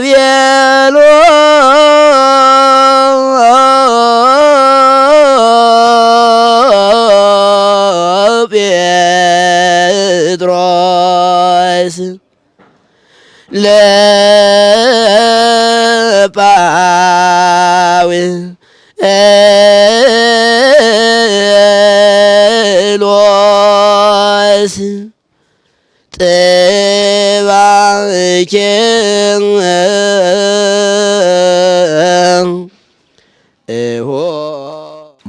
me piedras le pawe eh, ذكرك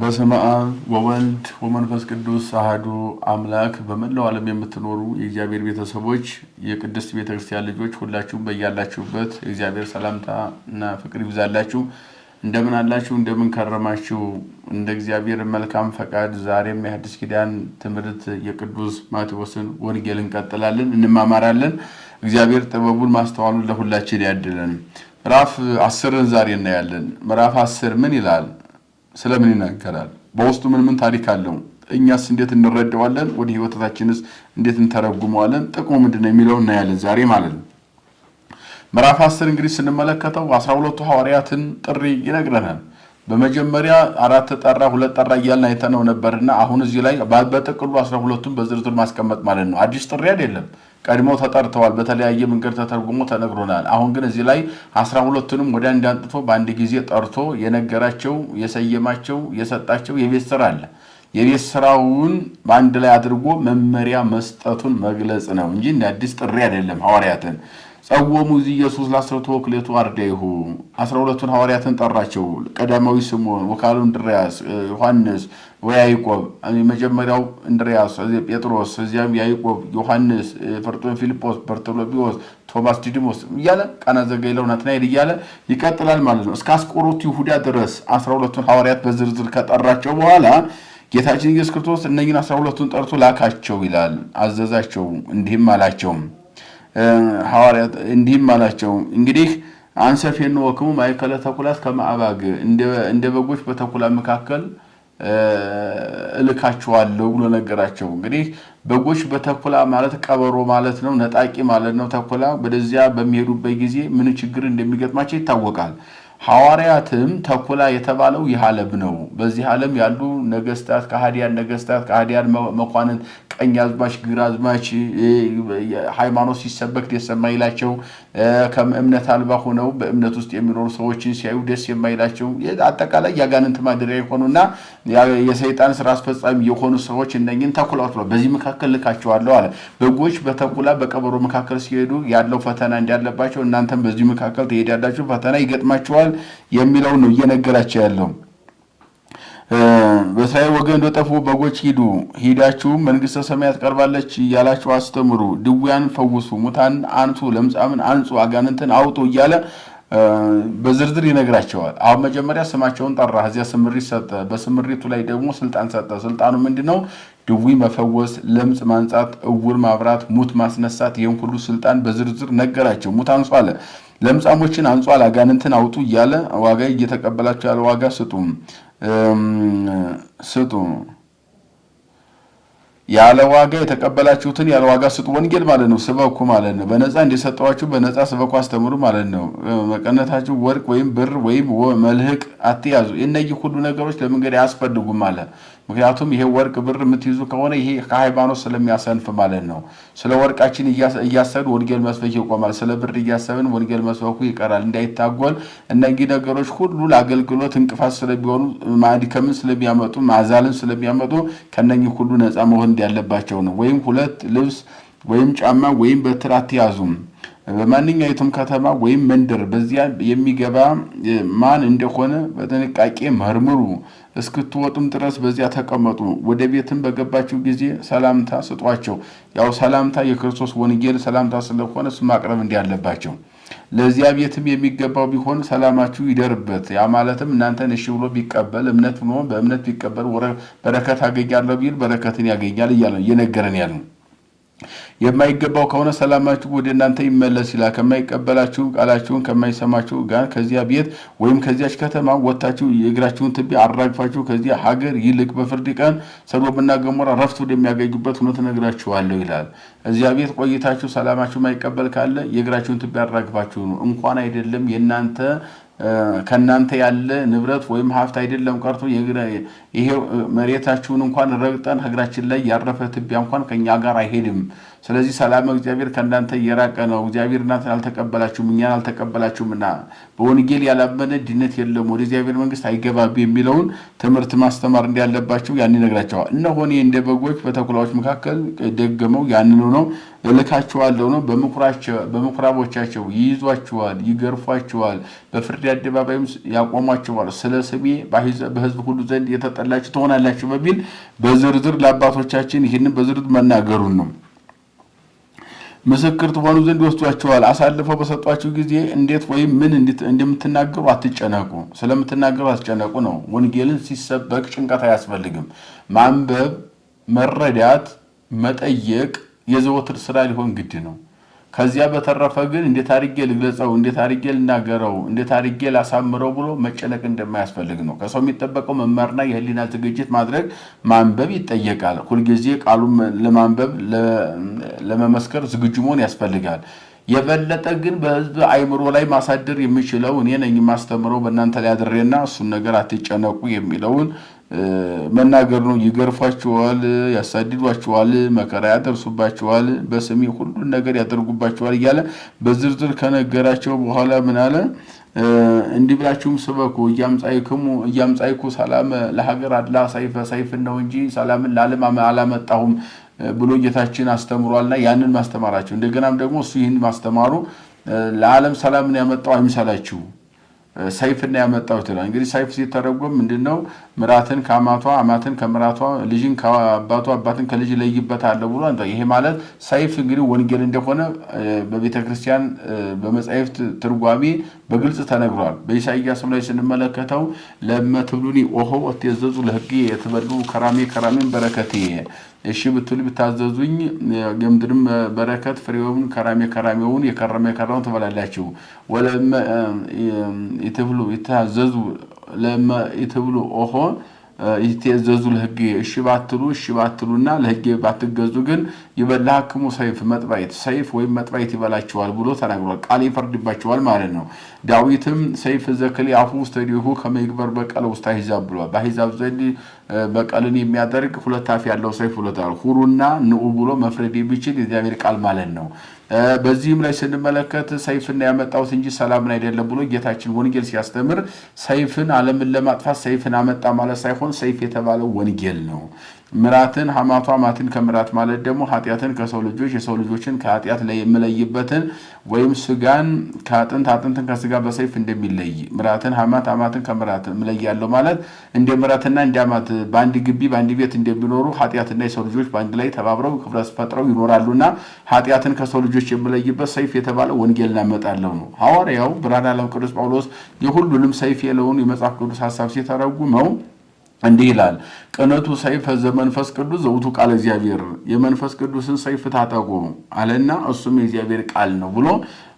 በስመ አብ ወወልድ ወመንፈስ ቅዱስ አሐዱ አምላክ። በመላው ዓለም የምትኖሩ የእግዚአብሔር ቤተሰቦች፣ የቅድስት ቤተክርስቲያን ልጆች ሁላችሁም በያላችሁበት የእግዚአብሔር ሰላምታ እና ፍቅር ይብዛላችሁ። እንደምን አላችሁ? እንደምን ከረማችሁ? እንደ እግዚአብሔር መልካም ፈቃድ ዛሬም የሐዲስ ኪዳን ትምህርት የቅዱስ ማቴዎስን ወንጌል እንቀጥላለን፣ እንማማራለን። እግዚአብሔር ጥበቡን ማስተዋሉን ለሁላችን ያድለን። ምዕራፍ አስርን ዛሬ እናያለን። ምዕራፍ አስር ምን ይላል? ስለምን ይናገራል? በውስጡ ምን ምን ታሪክ አለው? እኛስ እንዴት እንረዳዋለን? ወደ ህይወታችንስ እንዴት እንተረጉመዋለን? ጥቅሙ ምንድን ነው የሚለው እናያለን ዛሬ ማለት ነው። ምዕራፍ አስር እንግዲህ ስንመለከተው አስራ ሁለቱ ሐዋርያትን ጥሪ ይነግረናል። በመጀመሪያ አራት ጠራ ሁለት ጠራ እያልን አይተነው ነበርና አሁን እዚህ ላይ በጥቅሉ አስራ ሁለቱን በዝርዝር ማስቀመጥ ማለት ነው። አዲስ ጥሪ አይደለም። ቀድሞ ተጠርተዋል። በተለያየ መንገድ ተተርጉሞ ተነግሮናል። አሁን ግን እዚህ ላይ አስራ ሁለቱንም ወደ አንድ አንጥቶ በአንድ ጊዜ ጠርቶ የነገራቸው፣ የሰየማቸው፣ የሰጣቸው የቤት ስራ አለ። የቤት ስራውን በአንድ ላይ አድርጎ መመሪያ መስጠቱን መግለጽ ነው እንጂ እንደ አዲስ ጥሪ አይደለም ሐዋርያትን ጸወሙ እዚ ኢየሱስ ለአስርቱ ወክሌቱ አርዳይሁ አስራ ሁለቱን ሐዋርያትን ጠራቸው። ቀዳማዊ ስምዖን ወካሉ እንድርያስ፣ ዮሐንስ ወያይቆብ መጀመሪያው እንድርያስ፣ ጴጥሮስ፣ እዚያም ያይቆብ፣ ዮሐንስ፣ ፈርጦን፣ ፊልጶስ፣ በርቶሎሜዎስ፣ ቶማስ ዲዲሞስ እያለ ቃና ዘገሊላ ናትናኤል እያለ ይቀጥላል ማለት ነው። እስከ አስቆሮቱ ይሁዳ ድረስ አስራ ሁለቱን ሐዋርያት በዝርዝር ከጠራቸው በኋላ ጌታችን ኢየሱስ ክርስቶስ እነኝን አስራ ሁለቱን ጠርቶ ላካቸው ይላል። አዘዛቸው እንዲህም አላቸውም ሐዋርያት እንዲህም አላቸው እንግዲህ አንሰፍ የንወክሙ ማእከለ ተኩላት ከማዕባግ እንደ በጎች በተኩላ መካከል እልካችኋለሁ ብሎ ነገራቸው። እንግዲህ በጎች በተኩላ ማለት ቀበሮ ማለት ነው፣ ነጣቂ ማለት ነው። ተኩላ ወደዚያ በሚሄዱበት ጊዜ ምን ችግር እንደሚገጥማቸው ይታወቃል። ሐዋርያትም ተኩላ የተባለው ይህ ዓለም ነው። በዚህ ዓለም ያሉ ነገስታት፣ ከሃዲያን ነገስታት፣ ከሃዲያን መኳንን፣ ቀኝ አዝማች፣ ግራ አዝማች ሃይማኖት ሲሰበክ ደስ የማይላቸው ከእምነት አልባ ሆነው በእምነት ውስጥ የሚኖሩ ሰዎችን ሲያዩ ደስ የማይላቸው አጠቃላይ የአጋንንት ማደሪያ የሆኑና የሰይጣን ስራ አስፈጻሚ የሆኑ ሰዎች እነኝን ተኩላ ብሏል። በዚህ መካከል ልካቸዋለሁ አለ። በጎች በተኩላ በቀበሮ መካከል ሲሄዱ ያለው ፈተና እንዳለባቸው እናንተም በዚህ መካከል ትሄዳላችሁ፣ ፈተና ይገጥማቸዋል ይችላል የሚለውን ነው እየነገራቸው ያለው። በእስራኤል ወገን እንደጠፉ በጎች ሂዱ፣ ሂዳችሁም መንግሥተ ሰማያት ቀርባለች እያላችሁ አስተምሩ፣ ድውያን ፈውሱ፣ ሙታን አንሱ፣ ለምጻምን አንጹ፣ አጋንንትን አውጡ እያለ በዝርዝር ይነግራቸዋል። አሁን መጀመሪያ ስማቸውን ጠራ፣ እዚያ ስምሪት ሰጠ። በስምሪቱ ላይ ደግሞ ስልጣን ሰጠ። ስልጣኑ ምንድን ነው? ድዊ መፈወስ፣ ለምጽ ማንጻት፣ እውር ማብራት፣ ሙት ማስነሳት። ይህን ሁሉ ስልጣን በዝርዝር ነገራቸው። ሙት አንሱ አለ። ለምጻሞችን አንጿል፣ አጋንንትን አውጡ እያለ ዋጋ እየተቀበላቸው ያለ ዋጋ ስጡ ስጡ ያለ ዋጋ የተቀበላችሁትን ያለ ዋጋ ስጡ። ወንጌል ማለት ነው፣ ስበኩ ማለት ነው። በነፃ እንደሰጠዋችሁ በነፃ ስበኩ፣ አስተምሩ ማለት ነው። መቀነታችሁ ወርቅ ወይም ብር ወይም መልህቅ አትያዙ። እነዚህ ሁሉ ነገሮች ለመንገድ አያስፈልጉም ማለት ምክንያቱም ይሄ ወርቅ ብር የምትይዙ ከሆነ ይሄ ከሃይማኖት ስለሚያሰንፍ ማለት ነው። ስለ ወርቃችን እያሰብን ወንጌል መስበክ ይቆማል። ስለ ብር እያሰብን ወንጌል መስበኩ ይቀራል። እንዳይታጎል እነዚህ ነገሮች ሁሉ ለአገልግሎት እንቅፋት ስለሚሆኑ ማድከምን ስለሚያመጡ ማዛልን ስለሚያመጡ ከነኚህ ሁሉ ነፃ መሆን ዘንድ ያለባቸው ነው። ወይም ሁለት ልብስ ወይም ጫማ ወይም በትር አትያዙም። በማንኛይቱም ከተማ ወይም መንደር በዚያ የሚገባ ማን እንደሆነ በጥንቃቄ መርምሩ። እስክትወጡም ድረስ በዚያ ተቀመጡ። ወደ ቤትም በገባችሁ ጊዜ ሰላምታ ስጧቸው። ያው ሰላምታ የክርስቶስ ወንጌል ሰላምታ ስለሆነ እሱ ማቅረብ እንዲያለባቸው ለዚያ ቤትም የሚገባው ቢሆን ሰላማችሁ ይደርበት። ያ ማለትም እናንተን እሺ ብሎ ቢቀበል እምነት ብሎ በእምነት ቢቀበል በረከት አገኛለሁ ቢል በረከትን ያገኛል እያለ እየነገረን ያለ የማይገባው ከሆነ ሰላማችሁ ወደ እናንተ ይመለስ ይላል። ከማይቀበላችሁ ቃላችሁን ከማይሰማችሁ ጋር ከዚያ ቤት ወይም ከዚያች ከተማ ወጥታችሁ የእግራችሁን ትቢያ አራግፋችሁ ከዚያ ሀገር ይልቅ በፍርድ ቀን ሰዶምና ገሞራ ረፍት ወደሚያገኙበት እውነት እነግራችኋለሁ ይላል። እዚያ ቤት ቆይታችሁ ሰላማችሁ ማይቀበል ካለ የእግራችሁን ትቢያ አራግፋችሁ ነው። እንኳን አይደለም የእናንተ ከእናንተ ያለ ንብረት ወይም ሀብት አይደለም ቀርቶ ይሄ መሬታችሁን እንኳን ረግጠን እግራችን ላይ ያረፈ ትቢያ እንኳን ከኛ ጋር አይሄድም። ስለዚህ ሰላም እግዚአብሔር ከእናንተ እየራቀ ነው፣ እግዚአብሔር እናንተን አልተቀበላችሁም እኛን አልተቀበላችሁምና በወንጌል ያላመነ ድነት የለም ወደ እግዚአብሔር መንግስት አይገባብ የሚለውን ትምህርት ማስተማር እንዳለባቸው ያን ይነግራቸዋል። እነሆ እኔ እንደ በጎች በተኩላዎች መካከል ደገመው ያንኑ ነው እልካችኋለሁ ነው። በምኩራቦቻቸው ይይዟችኋል፣ ይገርፏችኋል፣ በፍርድ አደባባይም ያቆሟችኋል። ስለ ስሜ በህዝብ ሁሉ ዘንድ የተጠላችሁ ትሆናላችሁ በሚል በዝርዝር ለአባቶቻችን ይህንን በዝርዝር መናገሩን ነው። ምስክር ትሆኑ ዘንድ ይወስዷቸዋል። አሳልፈው በሰጧችሁ ጊዜ እንዴት ወይም ምን እንደምትናገሩ አትጨነቁ። ስለምትናገሩ አትጨነቁ ነው። ወንጌልን ሲሰበክ ጭንቀት አያስፈልግም። ማንበብ፣ መረዳት፣ መጠየቅ የዘወትር ስራ ሊሆን ግድ ነው። ከዚያ በተረፈ ግን እንዴት አድርጌ ልግለጸው፣ እንዴት አድርጌ ልናገረው፣ እንዴት አድርጌ ላሳምረው ብሎ መጨነቅ እንደማያስፈልግ ነው። ከሰው የሚጠበቀው መማርና የህሊና ዝግጅት ማድረግ ማንበብ ይጠየቃል። ሁልጊዜ ቃሉን ለማንበብ ለመመስከር ዝግጁ መሆን ያስፈልጋል። የበለጠ ግን በህዝብ አይምሮ ላይ ማሳደር የሚችለው እኔ ነኝ የማስተምረው በእናንተ ላይ አድሬና እሱን ነገር አትጨነቁ የሚለውን መናገር ነው። ይገርፏችኋል፣ ያሳድዷችኋል፣ መከራ ያደርሱባችኋል፣ በስሜ ሁሉን ነገር ያደርጉባችኋል እያለ በዝርዝር ከነገራቸው በኋላ ምን አለ? እንዲህ ብላችሁም ስበኩ እያምጻይኩ ሰላም ለሀገር አድላ ሰይፈ ሳይፍ ነው እንጂ ሰላምን ለዓለም አላመጣሁም ብሎ ጌታችን አስተምሯልና ያንን ማስተማራቸው እንደገናም ደግሞ እሱ ይህን ማስተማሩ ለዓለም ሰላምን ያመጣው አይምሰላችሁ ሰይፍ ና ያመጣሁት ይላል። እንግዲህ ሰይፍ ሲተረጎም ምንድን ነው? ምራትን ከአማቷ አማትን ከምራቷ ልጅን ከአባቱ አባትን ከልጅ ለይበት አለ ብሎ ይሄ ማለት ሰይፍ እንግዲህ ወንጌል እንደሆነ በቤተ ክርስቲያን በመጻሕፍት ትርጓሜ በግልጽ ተነግሯል። በኢሳያስም ላይ ስንመለከተው ለመትብሉኒ ኦሆ ወትዔዘዙ ለህግ የተበሉ ከራሜ ከራሜን በረከት ይሄ እሺ ብትሉ ብታዘዙኝ ገምድርም በረከት ፍሬውን ከራሜ ከራሜውን የከረመ የከረመውን ትበላላችሁ። ወለመ ይታዘዙ ለመ ኦሆ ይትዘዙ ለህግ እሺ ባትሉ እሺ ባትሉና ለህግ ባትገዙ ግን ይበላክሙ ሰይፍ መጥባይት ሰይፍ ወይም መጥባይት ይበላቸዋል ብሎ ተናግሯል። ቃል ይፈርድባቸዋል ማለት ነው። ዳዊትም ሰይፍ ዘክሌ አፉ ውስጥ ዲሁ ከመግበር በቀል ውስጥ አሂዛብ ብሏል። በአሕዛብ ዘንድ በቀልን የሚያደርግ ሁለት አፍ ያለው ሰይፍ ብሎታል። ሁሩና ንዑ ብሎ መፍረድ የሚችል የእግዚአብሔር ቃል ማለት ነው። በዚህም ላይ ስንመለከት ሰይፍን ያመጣሁት እንጂ ሰላምን አይደለም ብሎ ጌታችን ወንጌል ሲያስተምር ሰይፍን ዓለምን ለማጥፋት ሰይፍን አመጣ ማለት ሳይሆን ሰይፍ የተባለው ወንጌል ነው። ምራትን ሀማቷ ማትን ከምራት ማለት ደግሞ ኃጢአትን ከሰው ልጆች የሰው ልጆችን ከኃጢአት ላይ የምለይበትን ወይም ስጋን ከአጥንት አጥንትን ከስጋ በሰይፍ እንደሚለይ ምራትን ሀማት አማትን ከምራት ምለያለው ማለት እንደ ምራትና እንደ አማት በአንድ ግቢ በአንድ ቤት እንደሚኖሩ ኃጢአትና የሰው ልጆች በአንድ ላይ ተባብረው ህብረት ፈጥረው ይኖራሉና ኃጢአትን ከሰው ልጆች የምለይበት ሰይፍ የተባለ ወንጌል አመጣለው ነው። ሐዋርያው ብርሃነ ዓለም ቅዱስ ጳውሎስ የሁሉንም ሰይፍ የለውን የመጽሐፍ ቅዱስ ሀሳብ ሲተረጉመው እንዲህ ይላል፣ ቅነቱ ሰይፈ ዘመንፈስ ቅዱስ ዘውቱ ቃል እግዚአብሔር የመንፈስ ቅዱስን ሰይፍ ታጠቁ አለና እሱም የእግዚአብሔር ቃል ነው ብሎ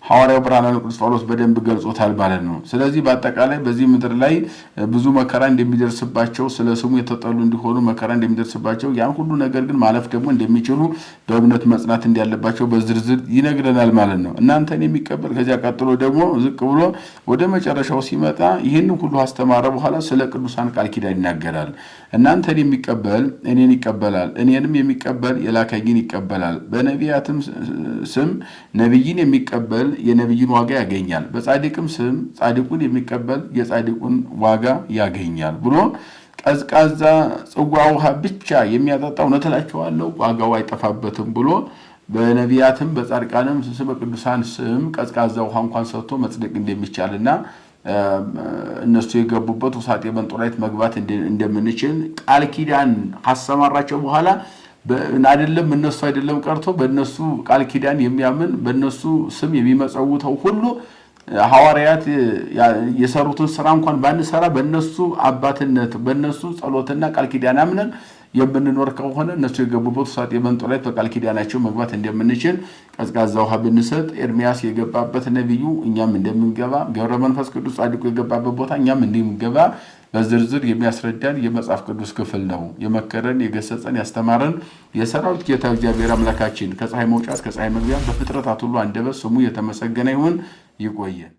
ሐዋርያው ብርሃናዊ ቅዱስ ጳውሎስ በደንብ ገልጾታል ማለት ነው። ስለዚህ በአጠቃላይ በዚህ ምድር ላይ ብዙ መከራ እንደሚደርስባቸው ስለ ስሙ የተጠሉ እንዲሆኑ መከራ እንደሚደርስባቸው ያን ሁሉ ነገር ግን ማለፍ ደግሞ እንደሚችሉ በእምነት መጽናት እንዳለባቸው በዝርዝር ይነግረናል ማለት ነው። እናንተን የሚቀበል ከዚያ ቀጥሎ ደግሞ ዝቅ ብሎ ወደ መጨረሻው ሲመጣ ይህን ሁሉ አስተማረ በኋላ ስለ ቅዱሳን ቃል ኪዳን ይናገራል። እናንተን የሚቀበል እኔን ይቀበላል፣ እኔንም የሚቀበል የላከኝን ይቀበላል፣ በነቢያትም ስም ነቢይን የሚቀበል የነቢይን ዋጋ ያገኛል፣ በጻድቅም ስም ጻድቁን የሚቀበል የጻድቁን ዋጋ ያገኛል ብሎ ቀዝቃዛ ጽዋ ውሃ ብቻ የሚያጠጣው እውነት ዋጋው አይጠፋበትም ብሎ በነቢያትም በጻድቃንም ስም በቅዱሳን ስም ቀዝቃዛ ውሃ እንኳን ሰጥቶ መጽደቅ እንደሚቻልና እነሱ የገቡበት ውሳጤ መንጦላይት መግባት እንደምንችል ቃል ኪዳን ካሰማራቸው በኋላ አይደለም እነሱ አይደለም ቀርቶ በእነሱ ቃል ኪዳን የሚያምን በእነሱ ስም የሚመጸውተው ሁሉ ሐዋርያት የሰሩትን ስራ እንኳን ባንሰራ በእነሱ አባትነት በእነሱ ጸሎትና ቃል ኪዳን አምነን የምንኖር ከሆነ እነሱ የገቡበት ሳት የመንጦ ላይ በቃል ኪዳናቸው መግባት እንደምንችል ቀዝቃዛ ውሃ ብንሰጥ ኤርሚያስ የገባበት ነቢዩ እኛም እንደምንገባ ገብረ መንፈስ ቅዱስ ጻድቁ የገባበት ቦታ እኛም እንደምንገባ በዝርዝር የሚያስረዳን የመጽሐፍ ቅዱስ ክፍል ነው። የመከረን፣ የገሰጸን፣ ያስተማረን የሰራዊት ጌታ እግዚአብሔር አምላካችን ከፀሐይ መውጫት ከፀሐይ መግቢያ በፍጥረታት ሁሉ አንደበት ስሙ የተመሰገነ ይሁን። ይቆየን።